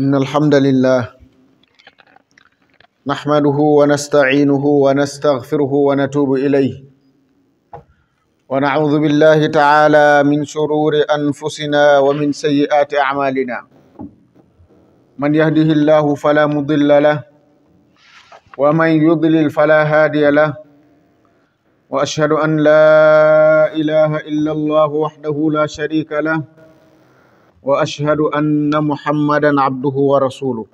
إن الحمد لله نحمده ونستعينه ونستغفره ونتوب إليه ونعوذ بالله تعالى من شرور أنفسنا ومن سيئات أعمالنا من يهده الله فلا مضل له ومن يضلل فلا هادي له وأشهد أن لا إله إلا الله وحده لا شريك له واشهد ان محمدا عبده ورسوله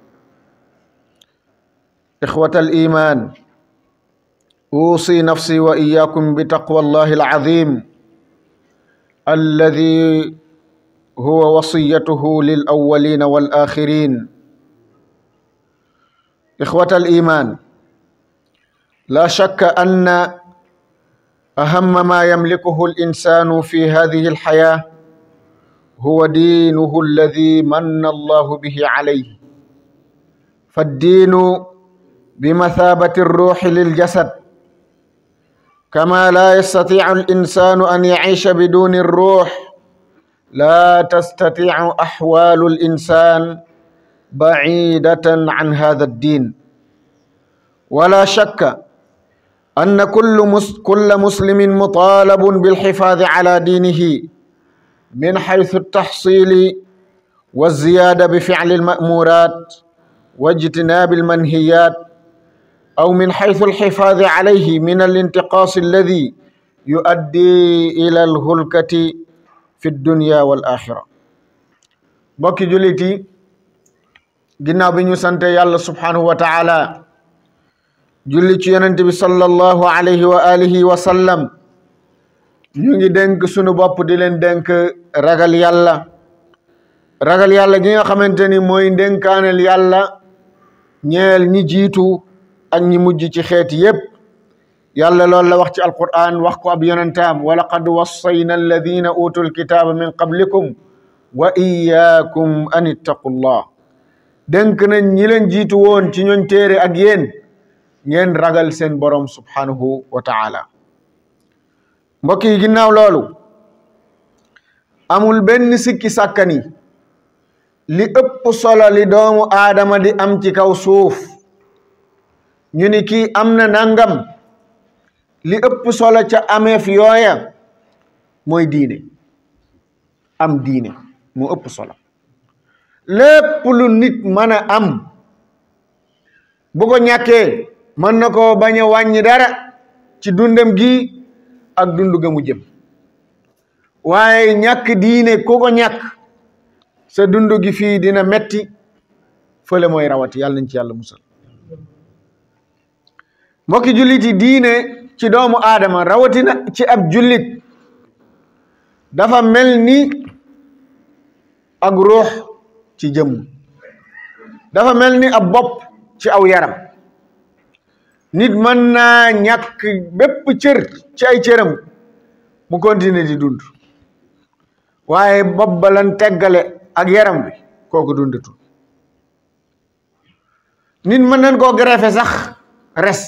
اخوه الايمان اوصي نفسي واياكم بتقوى الله العظيم الذي هو وصيته للاولين والاخرين اخوه الايمان لا شك ان اهم ما يملكه الانسان في هذه الحياه huwa diinuhu alladi manna allahu bihi alayhi فالدين بمثابة الروح للجسد كما لا يستطيع الإنسان أن يعيش بدون الروح لا تستطيع أحوال الإنسان بعيدة عن هذا الدين ولا شك أن كل كل مسلم مطالب بالحفاظ على دينه min haythu tahsili wa ziyada bi fi'li al-ma'murat wa ijtinabi al-manhiyat aw min haythu al-hifadhi alayhi min al-intiqas alladhi yuaddi ila al-hulkati fi dunya wal axira mbokki jullit yi ginnaaw bi ñu sante yàlla subhaanahu wa taala julli ci yonente bi sallallahu alayhi wa alihi wa sallam ñu ngi dénk sunu bopp di leen dénk ragal yàlla ragal yàlla gi nga xamante ni mooy ndénkaaneel yàlla ñeel ñi jiitu ak ñi mujj ci xeet yépp yàlla loolu la wax ci alquran wax ko ab yonentaam wa laqad wassayna alladina utul kitaaba min qablikum wa iyaakum an ittaqullah dénk na ñi leen jiitu woon ci ñooñ téere ak yéen ngeen ragal seen borom subhanahu wa taala mbokk yi ginnaaw loolu amul benn siki sàkkani li ëpp solo li doomu aadama di am ci kaw suuf ñu ni kii am na nangam li ëpp solo ca ameef yooya mooy diine am diine mu ëpp solo lépp lu nit mën a am bu ko ñàkkee mën na ko bañ a wàññi dara ci dundam gi ak dundugamu ga jëm waaye ñàkk diine ku ko ñàkk sa dundu gi fii dina metti fële mooy rawati yàlla nañ ci yàlla musal mbokki jullit yi diine ci doomu aadama rawatina ci ab jullit dafa mel ni ak ruux ci jëmm dafa mel ni ab bopp ci aw yaram nit mën naa ñàkk bépp cër ci ay cëram mu continuer di dund waaye bopp ba teggale ak yaram bi kooku dundatul nit mën nañ koo greffer sax res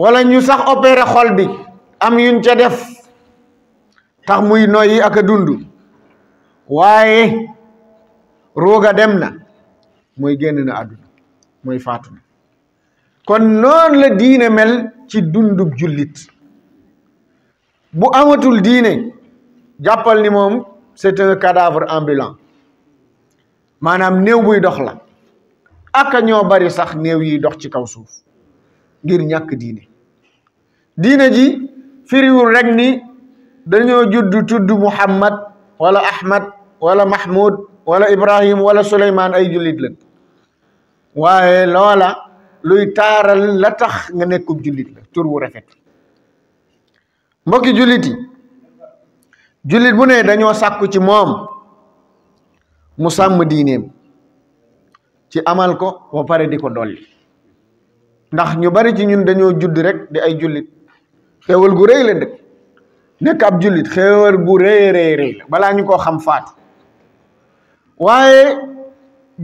wala ñu sax opérer xol bi am yuñ ca def tax muy noyyi ak a dund waaye ruuga dem na mooy génn na àdduna mooy faatu kon noonu la diine mel ci dundub jullit bu amatul diine jàppal ni moom c'est un cadavre ambulant maanaam néew buy dox la aka ñoo bari sax néew yi dox ci kaw suuf ngir ñàkk diine diine ji firiwul rek ni dañoo judd tudd Muhammad wala Ahmad wala Mahmoud wala Ibrahim wala Suleymaan ay jullit lañ waaye loola luy taaral la tax nga nekkub jullit la tur wu rafet mbokki jullit yi jullit bu ne dañoo sàkku ci moom mu sàmm diineem ci amal ko ba pare di ko dolli ndax ñu bari ci ñun dañoo judd rek di ay jullit xéewal gu rëy la dëkk ab jullit xéewal gu rëy rëy rëy balaa ñu koo xam faatu waaye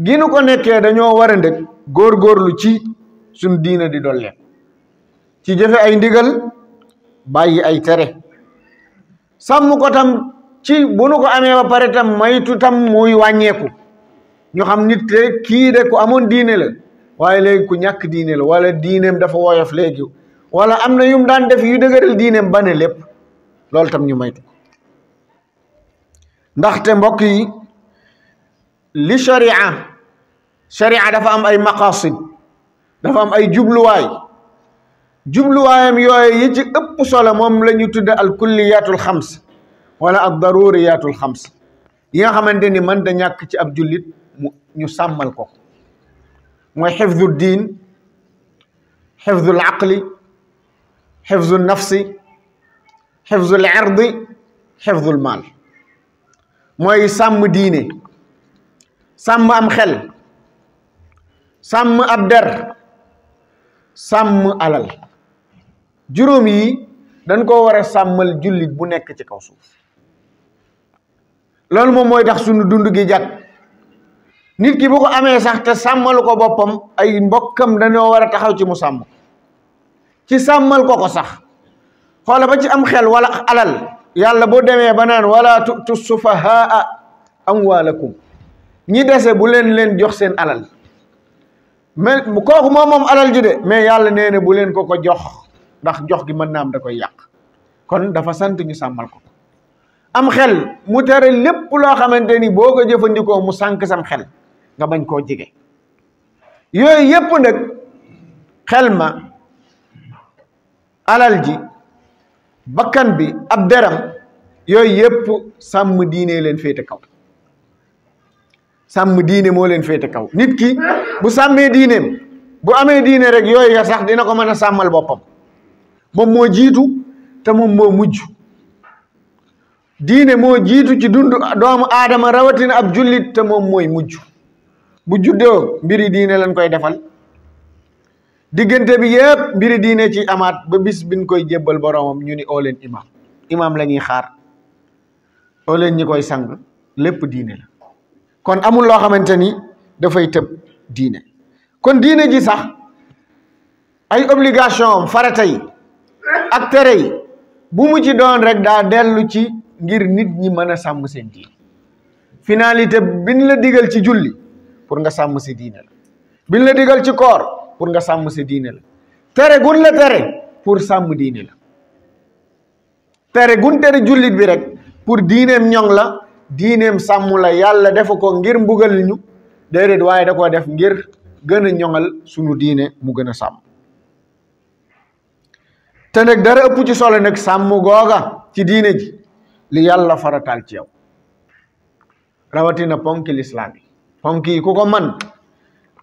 gi ko nekkee dañoo war a ndëkk góorgóorlu ci suñ diina di dollee ci jëfe ay ndigal bàyyi ay tere sàmm ko tam ci bu nu ko amee ba pare tam moytu tam muy wàññeeku ñu xam nit te kii de ko amoon diine la waaye léegi ku ñàkk diine la wala diineem dafa woyof léegi wala am na yum daan def yu dëgëral diineem ba ne lépp loolu tam ñu moytu ko ndaxte mbokk yi li sharia sharia dafa am ay maqasid dafa am ay jubluwaay jubluwaayam yooyu yi ëpp solo moom la ñu tudde al kulliyatul xams wala ad daruriyatul xams yi nga xamante ni man da ñàkk ci ab jullit ñu sàmmal ko mooy xifdu diin xifdu al aqli xifdu nafsi xifdu al irdi xifdu al maal mooy sàmm diine sàmm am xel sàmm ab der sàmm alal juróom yi dañ koo war a sàmmal jullit bu nekk ci kaw suuf loolu moom mooy tax sunu dund gi jag nit ki bu ko amee sax te sàmmalu ko boppam ay mbokkam dañoo war a taxaw ci mu sàmm ci sàmmal ko ko sax xoola ba ci am xel wala alal yàlla boo demee ba naan wala tutu sufahaa amwaalakum ñi dese bu leen leen jox seen alal mais kooku moom moom alal ji de mais yàlla nee na bu leen ko ko jox ndax jox gi mën naa am da koy yàq kon dafa sant ñu sàmmal ko am xel mu tere lépp loo xamante ni boo ko jëfandikoo mu sànk sam xel nga bañ koo jege yooyu yépp nag xel ma alal ji bakkan bi ab deram yooyu yépp sàmm diine leen féete kaw sàmm diine moo leen féete kaw nit ki bu sàmmee diineem bu amee diine rek yooyu nga sax dina ko mën a sàmmal boppam moom moo jiitu te moom moo mujj diine moo jiitu ci dund doomu aadama rawatina ab jullit te moom mooy mujj bu juddoo mbiri diine lañ koy defal diggante bi yëpp mbiri diine ci amaat ba bis biñ koy jébbal boroomam ñu ni oo imam imaam imaam la ñuy xaar oo leen ñi koy sang lépp diine la kon amul loo xamante ni dafay tëb diine kon diine ji sax ay obligation farata yi ak tere yi bu mu ci doon rek daa dellu ci ngir nit ñi mën a sàmm seen diine finalité biñ la diggal ci julli pour nga sàmm si diine la biñ la digal ci koor pour nga sàmm si diine la tere gun la tere pour sàmm diine la tere gun tere jullit bi rek pour diineem ñoŋ la diineem sàmmu la yàlla defu ko ngir mbugal ñu déedéet waaye da koo def ngir gën a ñoŋal sunu diine mu gën a sàmm te nag dara ëpp ci solo nag sàmm googa ci diine ji li yàlla farataal ci yow rawatina ponki lislaam yi ponk ku ko man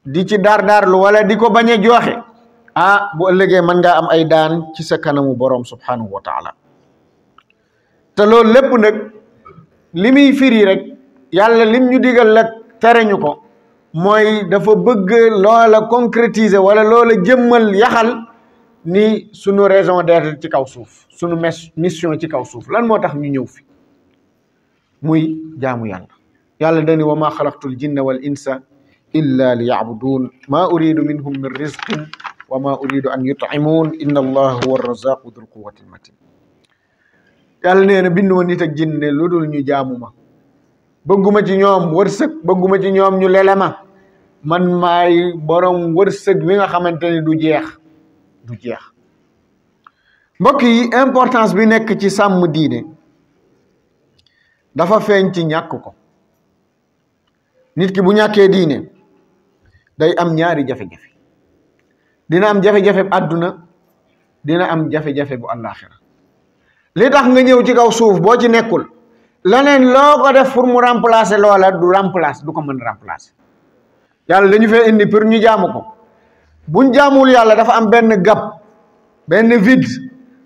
di ci daardaarlu wala di ko bañ a joxe ah bu ëllëgee mën ngaa am ay daan ci sa kanamu borom subhanahu wa taala te loolu lépp nag li muy firi rek yàlla lim ñu digal la tere ñu ko mooy dafa bëgg loola concrétiser wala loola jëmmal yaxal ni sunu raison d'être ci kaw suuf sunu mission ci kaw suuf lan moo tax ñu ñëw fi muy jaamu yàlla yàlla dani wa ma xalaqtul jinna wal insa illa li yacbuduun maa uridu minhum min rizqin wa ma uridu an yutcimuun inna allah huwa arrazaqu dul quwati almatin yàlla nee na binduma nit ak jinne lu dul ñu jaamu ma bëgguma ci ñoom wërsëg bëgguma ci ñoom ñu lele ma man may borom wërsëg wi nga xamante ne du jeex du jeex mbokk yi importance bi nekk ci sàmm diine dafa feeñ ci ñàkk ko nit ki bu ñàkkee diine day am ñaari jafe-jafe dina am jafe-jafe bu àdduna dina am jafe-jafe bu àllaaxira li tax nga ñëw ci kaw suuf boo ci nekkul leneen loo ko def pour mu remplacer loola du remplace du ko mën remplacer yàlla dañu fee indi ñu jaamu ko buñ jaamul yàlla dafa am benn gap benn vid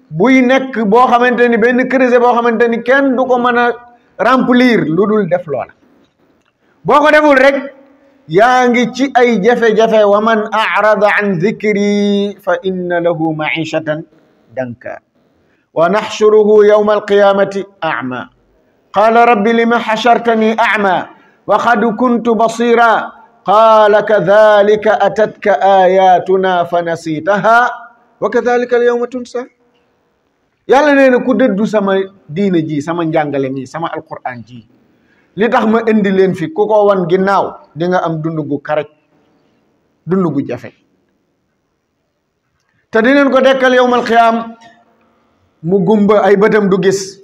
buy nekk boo xamante ni benn crise boo xamante ni kenn du ko mën a remplir lu dul def loola boo ko deful rek yaa ngi ci ay jafe-jafe wa man arada an dhikri fa inna lahu maishatan danka ونحشره يوم القيامة أعمى قال رب لم حشرتني أعمى وقد كنت بصيرا قال كذلك أتتك آياتنا فنسيتها وكذلك اليوم تنسى yàlla nee na ku dëddu sama diina ji sama njàngale mi sama alquran ji li tax ma indi leen fi ku ko wan ginnaaw di nga am dund gu karaj dund gu jafe te di leen ko dekkal yowmal qiyaam mu gumba ay bëtam du gis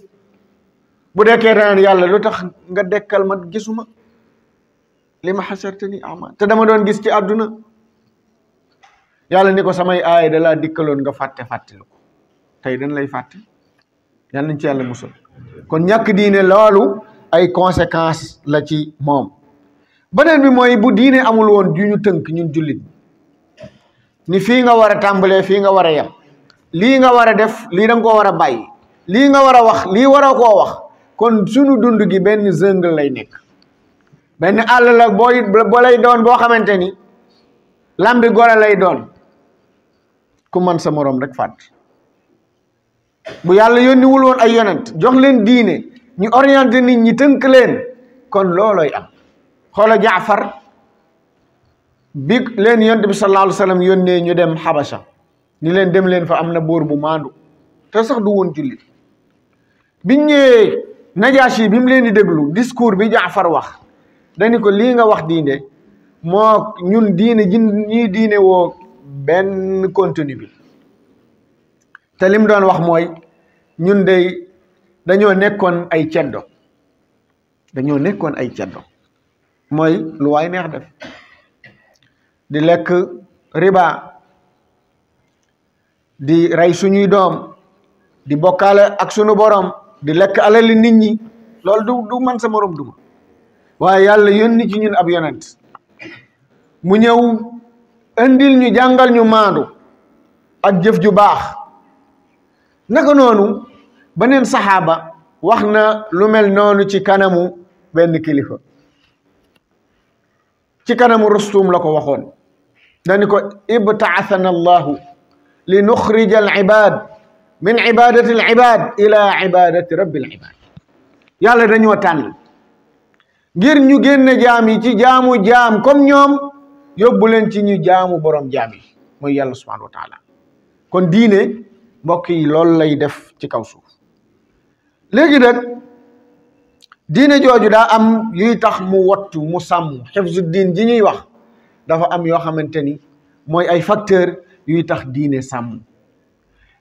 bu dekkee danaan yàlla lu tax nga dekkal ma gisuma li ma xasartani ama te dama doon gis ci àdduna yàlla ni ko samay aay da laa dikkaloon nga fàtte fàttelu ko tey dañ lay fàtte yàlla nañ ci yàlla musul kon ñàkk diine lawalu ay conséquence la ci moom beneen bi mooy bu diine amul woon ju ñu tënk ñun jullit ni fii nga war a tàmbalee fii nga war a yem lii nga war a def lii da koo war a bàyyi lii nga war a wax lii war a koo wax kon sunu dund gi benn jungle lay nekk benn àll la booy boo lay doon boo xamante ni lambi gora lay doon ku man sa moroom rek fàtt bu yàlla yónniwul woon ay yonent jox leen diine ñu orienté nit ñi tënk leen kon loolooy am xoola jaafar bi leen yonent bi sallallahu alayhi wa sallam yónnee ñu dem xabasa ni leen dem leen fa am na buur bu maandu te sax du woon jullit biñ ñee Najaasi bi mu leen di déglu discours bi Jaafar wax dañu ko lii nga wax diine moo ñun diine ji ñuy diine woo benn contenu bi te lim doon wax mooy ñun day dañoo nekkoon ay ceddo dañoo nekkoon ay ceddo mooy lu waay neex def di lekk riba di rey suñuy doom di bokkale ak sunu borom di lekk alali nit ñi loolu du du man sa morom duma waaye yàlla yónni ci ñun ab yonent mu ñëw indil ñu jàngal ñu maandu ak jëf ju baax naka noonu beneen saxaaba wax na lu mel noonu ci kanamu benn kilifa ci kanamu rustum la ko waxoon dani ko ibtaasana allahu li nuxrija al ibad min ibadati al ibad ila ibadati yàlla dañoo tànn ngir ñu génne jaam yi ci jaamu jaam comme ñoom yóbbu leen ci ñu jaamu borom jaam yi mooy yàlla subhanahu wa kon diine mbokk yi loolu lay def ci kaw suuf léegi nag diine jooju daa am yuy tax mu wattu mu sàmm xifzu diin ji ñuy wax dafa am yoo xamante ni mooy ay facteur yuy tax diine sàmm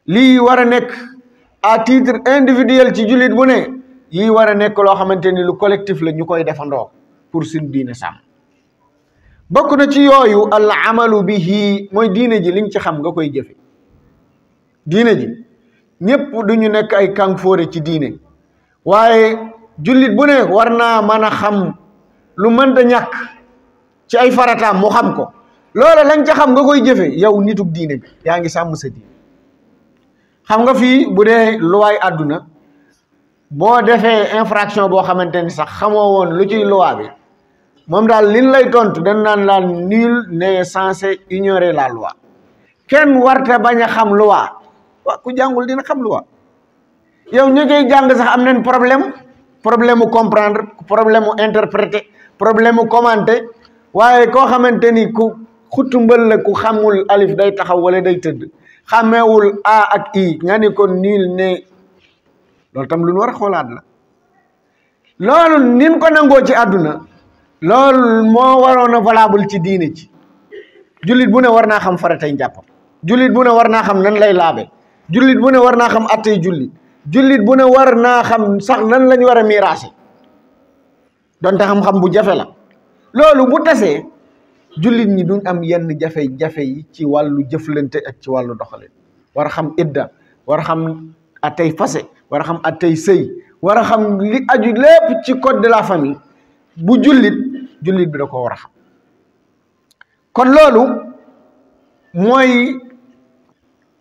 lii war a nekk à titre individuel ci jullit bu ne yii war a nekk loo xamante ni lu collectif la ñu koy defandoo pour suñ diine sàmm bokk na ci yooyu al amalu bihi mooy diine ji liñ ci xam nga koy jëfe diine ji ñépp du ñu nekk ay kàngfoore ci diine waaye jullit bu ne war naa mën a xam lu mënta ñàkk ci ay farataam mu xam ko loola lañ ca xam nga koy jëfe yow nitug diine bi yaa ngi sàmm sa diine xam nga fii bu dee luwaay àdduna boo defee infraction boo xamante ni sax xamoo woon lu ciy loi bi moom daal liñ lay tontu dañ naan laal nul n'est censé ignorer la loi kenn warte bañ a xam loi waaw ku jàngul dina xam luwa yow ñu koy jàng sax am nañ problème problème mu comprendre problème mu interpréter problème mu commenter waaye koo xamante xutumbal la ku xamul alif day taxaw wala day tëdd xameewul a ak i nga ni ko niil ne loolu tam lu war a xoolaat la loolu nin ko nangoo ci àdduna loolu moo waroon a valable ci diine ci jullit bu ne war naa xam faratay njàpp jullit bu ne war naa xam nan lay laabe jullit bu ne war naa xam attey julli jullit bu ne war naa xam sax nan lañ war a miraase donte xam-xam bu jafe la loolu bu tasee jullit ñi duñ am yenn jafe-jafe yi ci wàllu jëflante ak ci wàllu doxalin war a xam idda war a xam atay fase war a xam atay sëy war a xam li aju lépp ci code de la famille bu jullit jullit bi da ko war a xam kon loolu mooy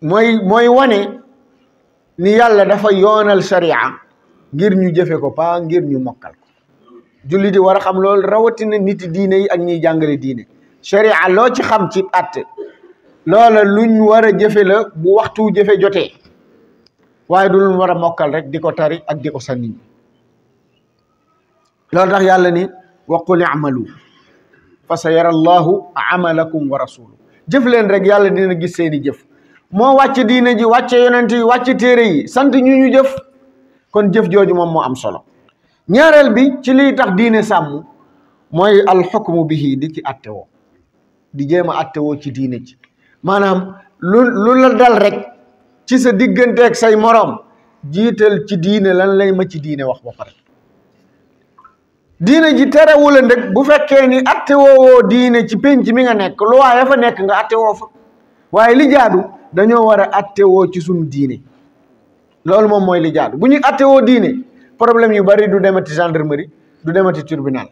mooy mooy wane ni yàlla dafa yoonal sharia ngir ñu jëfe ko pa ngir ñu mokkal ko jullit yi war a xam loolu rawatina nit diine yi ak ñiy jàngale diine sharia loo ci xam ci àtte loola luñ war a jëfe la bu waxtu jëfe jotee waaye du luñ war a mokkal rek di ko tari ak di ko sànni loolu tax yàlla ni wa qul i'malu fa sa yara allahu amalakum wa rasuluhu jëf leen rek yàlla dina gis seeni jëf moo wàcc diine ji wàcce yonent yi wàcce téere yi sant ñu ñu jëf kon jëf jooju moom moo am solo ñaareel bi ci liy tax diine sàmm mooy alxukmu bihi di ci àtte woo di jéem a attewoo ci diine ci maanaam lu lu la dal rek ci sa digganteek say moroom jiital ci diine lan lay ma ci diine wax ba pare diine ji terewula ndëg bu fekkee ni attewoowoo diine ci penc mi nga nekk lu waaye fa nekk nga attewoo fa waaye li jaadu dañoo war a attewoo ci sunu diine loolu moom mooy li jaadu bu ñuy attewoo diine problème yu bari du demati gendarmerie du demati tribunal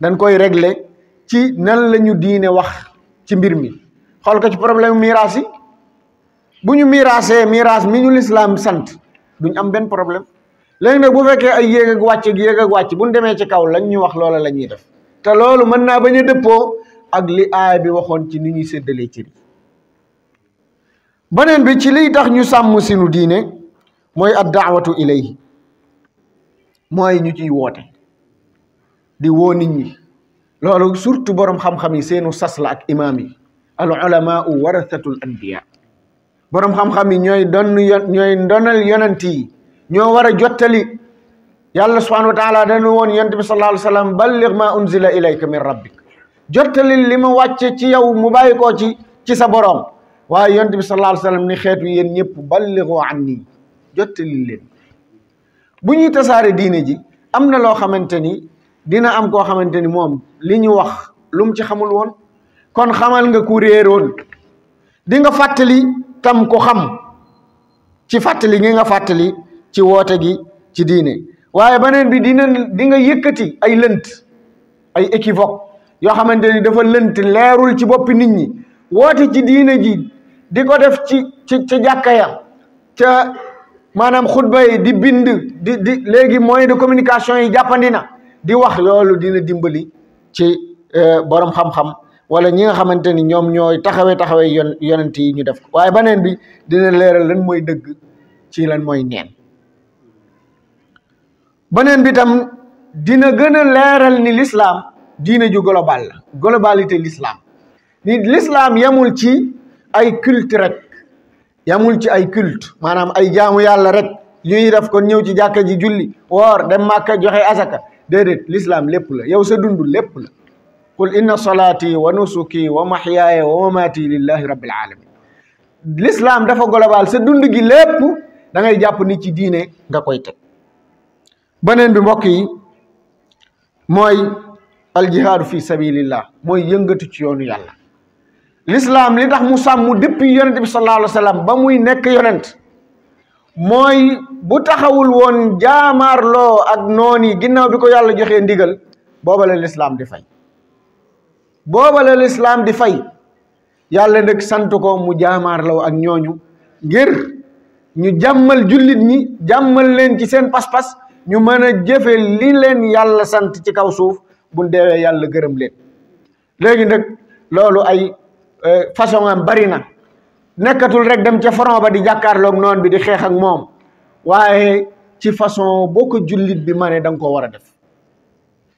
dañ koy régler ci nan lañu diine wax ci mbir mi xool ko ci problème miraas yi bu ñu miraasee miraas mi ñu lislaam sant duñ am benn problème léegi nag bu fekkee ay yéeg ak wàcc yéeg ak wàcc bu ñu demee ci kaw lañ ñu wax loola la ñuy def te loolu mën naa bañ a dëppoo ak li aaya bi waxoon ci ni ñuy séddalee cër yi beneen bi ci liy tax ñu sàmm sinu diine mooy ab daawatu ilayhi mooy ñu ciy woote di woo nit ñi loolu surtout borom xam-xam yi seenu sas la ak imaam yi al ulama warathatul anbiya borom xam-xam yi ñooy donn yon ñooy ndonal yonent yi ñoo war a jottali yàlla subhanahu wa taala dañu woon yonent bi sallallahu alayhi wa sallam balligh ma unzila ilayka min rabbik jottali li ma wàcce ci yow mu bàyyi koo ci ci sa borom waaye yonent bi sallallahu alayhi wa sallam ni xeetu yéen ñëpp ballighu anni jottali leen bu ñuy tasaare diine am na loo xamante ni dina am koo xamante ni moom li ñu wax lum ci xamul woon kon xamal nga ku réeroon di nga fàttali tam ko xam ci fàttali gi nga fàttali ci woote gi ci diine waaye beneen bi dina di nga yëkkati ay lënt ay équivoque yoo xamante ni dafa lënt leerul ci boppi nit ñi woote ci diine ji di ko def ci ci ci jàkka ya ca maanaam xutba yi di bind di di léegi moyen de communication yi jàppandi na di wax loolu dina dimbali ci eh, borom xam-xam wala ñi nga xamante ni ñoom ñooy taxawe taxawee yon yonent yi ñu def ko waaye beneen bi dina leeral lan mooy dëgg ci lan mooy neen beneen bi tam dina gën a leeral ni lislaam diina ju golobal la globalité l'islam ni l'islam yemul ci ay culte rek yamul ci ay culte maanaam ay jaamu yàlla rek ñuy def kon ñëw ci jàkka ji julli woor dem màkka joxe asaka déedéet lislaam lépp la yow sa dund lépp la qul inna salaati wa nusuki wa mahyaaya wa mamaati lillahi rabbil alamin l'islam dafa global sa dund gi lépp da jàpp ni ci diine nga koy teg beneen bi mbokk yi mooy aljihaadu fi sabilillah mooy yëngatu ci yoonu yàlla l'islam li tax mu sàmm depuis yonent bi sallallahu ba muy nekk yonent mooy bu taxawul woon jaamaarloo ak noon yi ginnaaw bi ko yàlla joxee ndigal booba la lislaam di fay booba la lislaam di fay yàlla nag sant ko mu jaamaarloo ak ñooñu ngir ñu jàmmal jullit ñi jàmmal leen ci seen pas-pas ñu mën a jëfe li leen yàlla sant ci kaw suuf bu deewee yàlla gërëm leen léegi nag loolu ay eh, façon am bari na nekkatul rek dem ca front ba di jàkkaarloog noon bi di xeexak moom waaye ci façon boo ko jullit bi ma ne ko nga war a def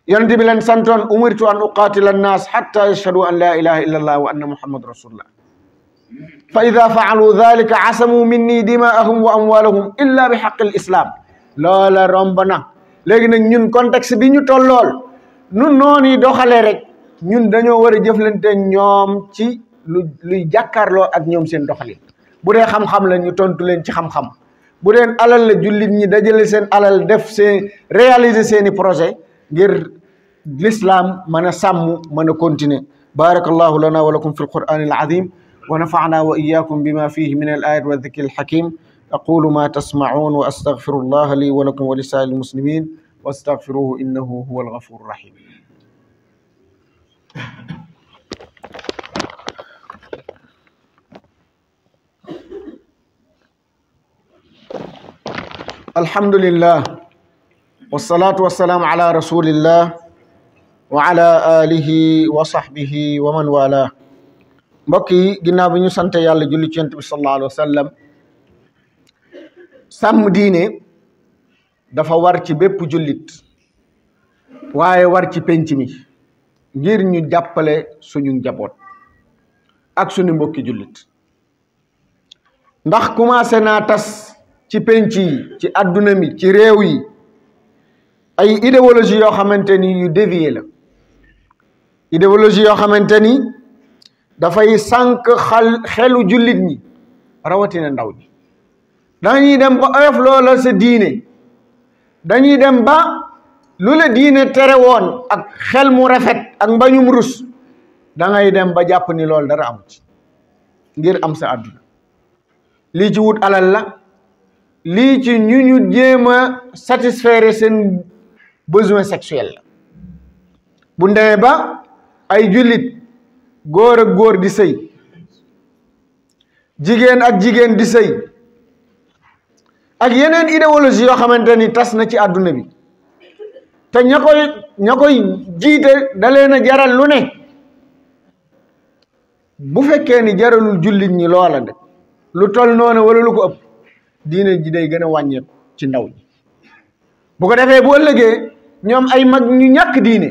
yonente bi leen santoon umirtu an uqaatila annaas xatta yashhadu an laa ilaha illa allah wa anna muhammad rasulullah fa ida faalu dalika asamu min dimaahum wa amwaalahum illa bi xaqi l islaam loola romb na léegi nag ñun bi ñu tollool nun noonu doxalee rek ñun dañoo war a jëflante ñoom ci lu luy jàkkaarloo ak ñoom seen doxalin bu dee xam-xam la ñu tontu leen ci xam-xam bu dee alal la jullit ñi dajale seen alal def seen réaliser seeni projet ngir l'islam mën a sàmm mën a continuer barakallahu lana wa lakum fi alquran alazim wa nafa'na wa iyyakum bima fihi min alayat wa dhikr alhakim aqulu ma tasma'un wa astaghfiru allah li wa lakum wa lisaa'il muslimin واستغفروه انه هو الغفور الرحيم alhamdulillah wasalaatu wasalaamu ala rasulillah wa ala alihi wa sahbihi wa man wala mbokk yi ginnaaw bi ñu sante yàlla julli ci yonent bi sàmm diine dafa war ci bépp jullit waaye war ci penc mi ngir ñu jàppale suñu njaboot ak suñu mbokki jullit ndax commencé naa tas ci penc yi ci adduna mi ci réew yi ay idéologie yoo xamante ni yu dévié la idéologie yoo xamante ni dafay sànq xal xelu jullit ñi rawatina ndaw ñi dañuy dem ba oyof loola sa diine dañuy dem ba lu la diine tere woon ak xel mu rafet ak mbañum rus dangay dem ba jàpp ni loolu dara amu ci ngir am sa àdduna lii ci wut alal la lii ci ñu ñu jéema a satisfaire seen besoin sexuel la bu ndemee ba ay jullit góor ak góor di sëy jigéen ak jigéen di sëy ak yeneen idéologie yoo xamante ni tas na ci àdduna bi te ña koy jiite da a jaral lu ne bu fekkee ni jaralul jullit ñi loola de lu tol noonu wala lu ko ëpp diine ji day gën a wàññeeku ci ndaw ñi bu ko defee bu ëllëgee ñoom ay mag ñu ñàkk diine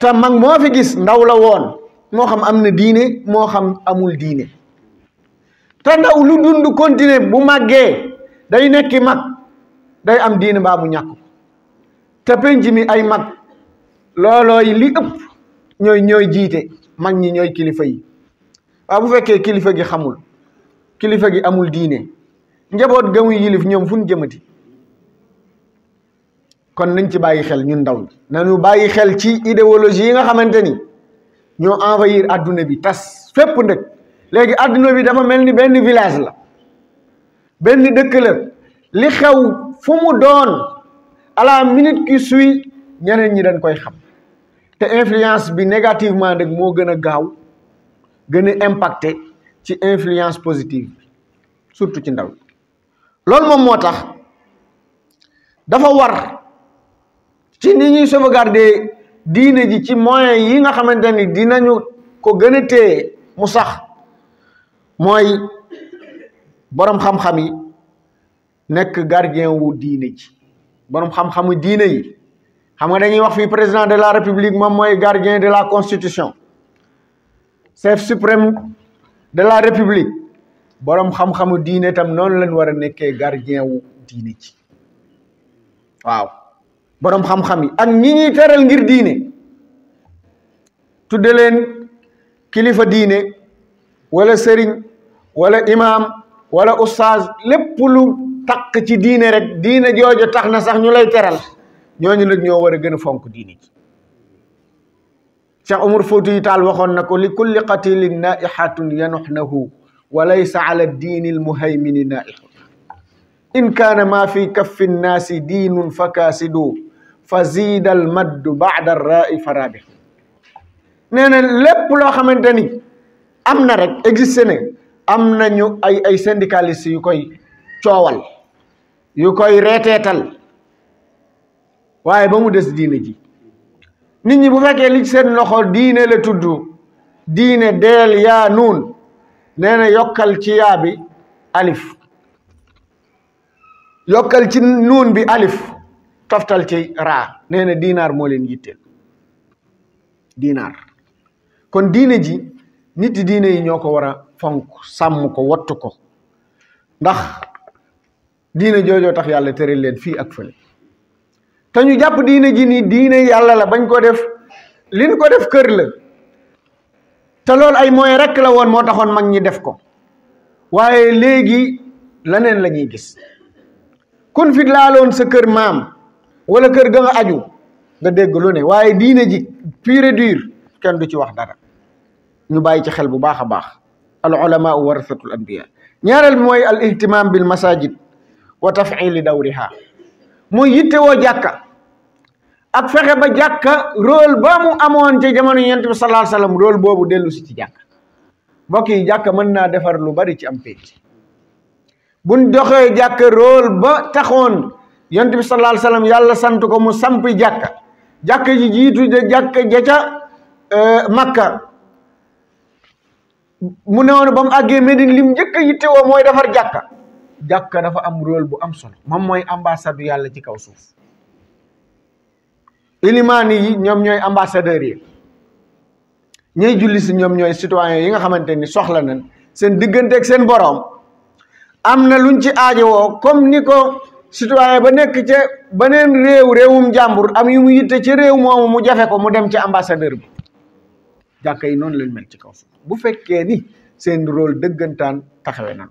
te mag moo fi gis ndaw la woon moo xam am na diine moo xam amul diine te ndaw lu dund continuer bu màggee day nekki mag day am diine baa mu ñàkk te mi ay mag loolooy li ëpp ñooy ñooy jiite mag ñi ñooy kilifa yi bu fekkee kilifa gi xamul kilifa gi amul diine njaboot gamuy yilif ñoom fu ñu jëmati kon nañ ci bàyyi xel ñun ndaw ñi nañu bàyyi xel ci idéologie yi nga xamante ni ñoo envahir adduna bi tas fépp ndëkk léegi adduna bi dafa mel ni benn village la benn dëkk la li xew fu mu doon à la minute qui suit ñeneen ñi dañ koy xam te influence bi négativement rek moo gën a gaaw gën a impacté ci influence positive surtout ci ndaw loolu moom moo tax dafa war ci ni ñuy sauvegarder diine ji ci moyen yi nga xamante ni dinañu ko gën a téye mu sax mooy boroom xam-xam yi nekk gardien wu diine ji boroom xam-xamu diine yi xam nga dañuy wax fii président de la république moom mooy gardien de la constitution chef suprême de la république boroom xam-xamu diine tam noonu lañ war a nekkee gardien wu diine ci waaw boroom xam-xam yi ak ñi ñuy teral ngir diine tudde leen kilifa diine walla sëriñ walla imaam wala ustaaz lépp lu takk ci diine rek diine jooju tax na sax ñu lay teral ñooñu nag ñoo war a gën a fonk diine ci cheikh omar fouti waxoon na ko li kulli qatilin naihatun yanuhnahu wa laysa ala diini almuhaymini naihun in kaana maa fi kaffi nnaasi diinun fa kaasidu fa ziida almaddu baada arraai farabi nee na lépp loo xamante ni am na rek existé ne am nañu ay ay yu koy coowal yu koy reeteetal waaye ba mu des diine ji nit ñi bu fekkee li seen loxo diine la tudd diine deel yaa nuun nee na yokkal ci yaa bi alif yokkal ci nuun bi alif toftal ci raa nee na diinaar moo leen yitteel diinaar kon diine ji nit yi diine yi ñoo ko war a fonk sàmm ko wattu ko ndax diine joojoo tax yàlla tëral leen fii ak fële te ñu jàpp diine ji nii diine yàlla la bañ ko def liñ ko def kër la te loolu ay moyen rek la woon moo taxoon mag ñi def ko waaye léegi leneen la ñuy gis kun fi laaloon sa kër maam wala kër ga nga aju nga dégg lu ne waaye diine ji pure et dur kenn du ci wax dara ñu bàyyi ci xel bu baax a baax al ulama warasatul anbiya ñaareel mooy al ihtimam bil masajid wa tafili dawriha mooy yittewoo jàkka ak fexe ba jàkka rôle ba mu amoon ci jamono yonent bi sallallahu alayhi wasallam boobu dellusi ci jàkka mbokk yi jàkka mën naa defar lu bari ci am péete buñ doxee jàkka rôle ba taxoon yonent bi sallallahu alayhi yàlla sant ko mu samp jàkka jàkka ji jiitu de jàkka ja ca euh, Makka mu ne woon ba mu àggee Medine lim njëkk a yittewoo mooy defar jàkka jàkka dafa am rôle bu am solo moom mooy ambassade yàlla ci kaw suuf ilimaani yi ñoom ñooy ambassadeurs yi ñooy julli si ñoom ñooy citoyens yi nga xamante ni soxla nañ seen diggante seen boroom am na luñ ci aajowoo comme ni ko citoyen ba nekk ca beneen réew réewum jàmbur am yu mu yitte ci réew moomu mu jafe ko mu dem ci ambassadeur bi jàkka yi noonu la mel ci kaw suuf bu fekkee ni seen rôle dëggantaan taxawe na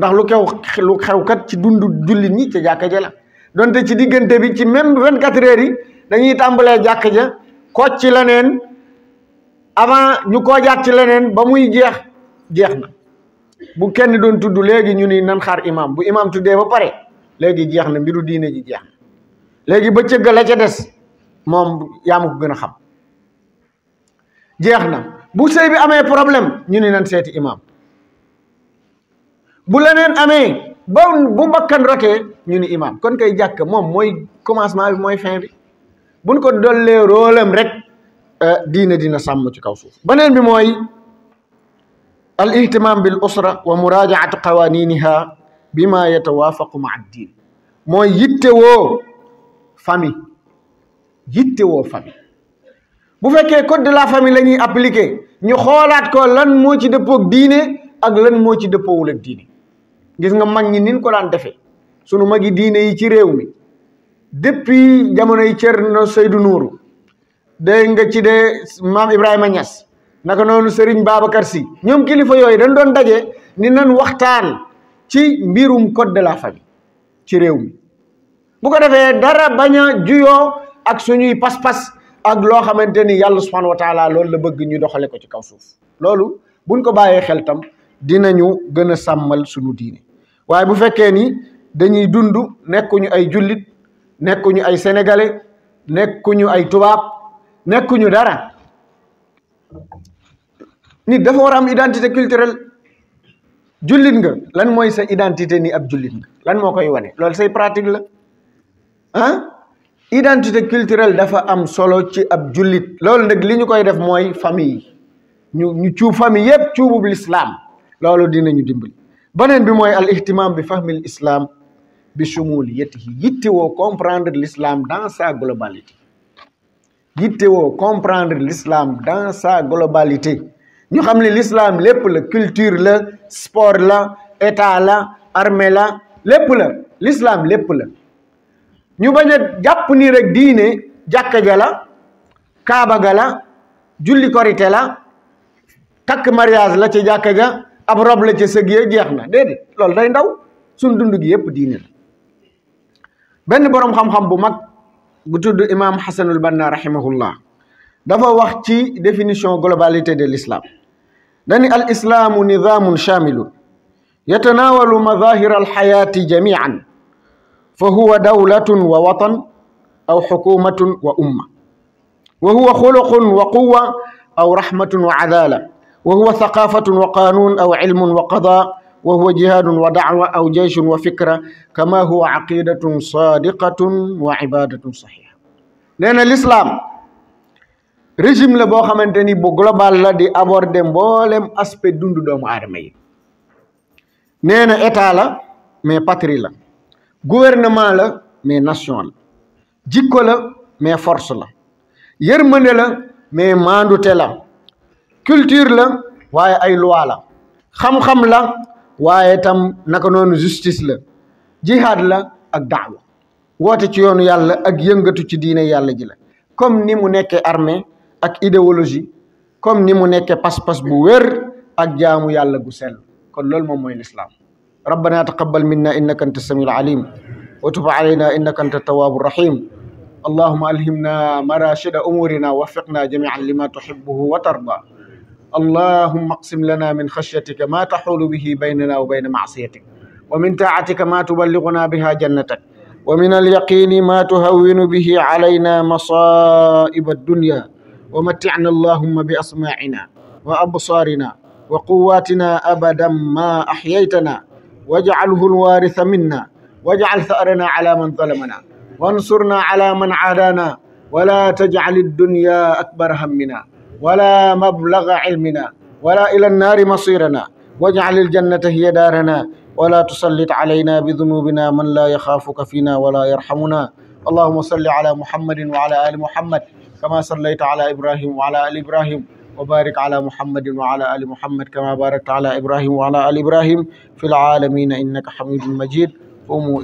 ndax lu kew lu xewkat ci dundu jullit ñi ci jàkka ja la donte ci diggante bi ci même vingt quatre heures yi dañuy tàmbalee jàkka ja kocc ci leneen avant ñu koojaat ci leneen ba muy jeex jeex na bu kenn doon tudd léegi ñu ni nan xaar imam bu imam tuddee ba pare léegi jeex na mbiru diine ji jeex na léegi ba cëgg la ca des moom yaa ma gën a xam jeex na bu sëy bi amee problème ñu ni nan seeti imam bu leneen amee ba bu mbakkan rotee ñu ni imaam kon kay jàkk moom mooy commencement bi mooy fin bi buñ ko dollee roolam rek euh, diine dina sàmm ci kaw suuf beneen bi mooy al ihtimam bil usra wa muraajaatu qawaaniniha bima yatawaafaqu ma diin mooy yittewoo famille yittewoo famille bu fekkee code de la famille la ñuy ñu xoolaat ko lan moo ci dëppoog diine ak lan moo ci dëppoowul ak diine gis nga mag ñi nin ko daan defee sunu magi diine yi ci réew mi depuis jamono yi Thierno Seydou Nourou de nga ci de maam Ibrahima Niass naka noonu Serigne Babacar Sy ñoom kilifa yooyu dañ doon daje ni nan waxtaan ci mbirum code de la famille ci réew mi bu ko defee dara bañ a juyoo ak suñuy pas-pas ak loo xamante ni yàlla subhanahu wa taala loolu la bëgg ñu doxale ko ci kaw suuf loolu buñ ko bàyyee xel tam dinañu gën a sàmmal suñu diine waaye bu fekkee ni dañuy dund nekkuñu ay jullit nekkuñu ay sénégalais nekkuñu ay tubaab nekkuñu dara nit dafa war a am identité culturelle jullit nga lan mooy sa identité ni ab jullit nga lan moo koy wane lool say pratique la ah identité culturelle dafa am solo ci ab jullit loolu nag li ñu koy def mooy famille ñu ñu cuub famille yëpp cuubub l'islam loolu ñu dimbali beneen bi mooy al ihtimam bi fahmil islam bi shumuliyatihi yittewoo comprendre l'islam dans sa globalité yittewoo comprendre l'islam dans sa globalité ñu xam ne l'islam lépp la culture la sport la état la armée la lépp la l'islam lépp la ñu bañ a jàpp ni rek diine jàkka ja la kaaba ga la julli korite la takk mariage la ci jàkka ga ab rob la ca sëg yee jeex na déedéet day ndaw suñ dund gi yëpp benn boroom xam-xam bu mag bu tudd imaam Xasanul Banna rahimahullah dafa wax ci définition globalité de l'islam dani al islaamu nidaamun shaamilun yatanaawalu madahira alxayaati jamian fa huwa dawlatun wa watan aw xukumatun wa quwa aw rahmatun wa adaala wa huwa thaqafatun wa qaanuun aw cilmun wa qadaa wa huwa jihaadun wa dacwa aw jeyshun wa fikra kama huwa caqidatun saadiqatun wa cibadatun saxiixa nee na régime la boo xamante ni bu global la di aborder mboolem aspect dundu doomu aadama yi nee la mais patrie la gouvernement la mais nation la jikko la mais force la yërmande la mais maandute la culture la waaye ay loi la xam-xam la waaye itam naka noonu justice la jihaad la ak daawa woote ci yoonu yàlla ak yëngatu ci diine yàlla ji la comme ni mu nekkee armée ak idéologie comme ni mu nekkee pas-pas bu wér ak jaamu yàlla gu sell kon loolu moom mooy lislaam rabbana taqabbal minna innaka anta samiul alim wa tub alayna innaka anta tawaabu rahim allahuma alhimna marachida umurina wafiqna jamian lima tuhibuhu wa allahumma aqsim lana min xashyatika ma taxulu bihi baynana wa bayna maasiyatik wa min taatika ma tuballiguna biha jannatak wa min alyaqini ma tuhawwinu bihi alayna masaiba addunya wa maticna allahumma bi asmaacina wa absaarina wa quwaatina abadan ma axyaytana wajcalhu alwaarisa minna wajcal tharana ala man zalamana wansurna ala man caadaana wala tajcal addunya akbara hammina ولا مبلغ علمنا ولا إلى النار مصيرنا واجعل الجنة هي دارنا ولا تسلط علينا بذنوبنا من لا يخافك فينا ولا يرحمنا اللهم صل على محمد وعلى آل محمد كما صليت على إبراهيم وعلى آل إبراهيم وبارك على محمد وعلى آل محمد كما باركت على إبراهيم وعلى آل إبراهيم في العالمين إنك حميد مجيد قوموا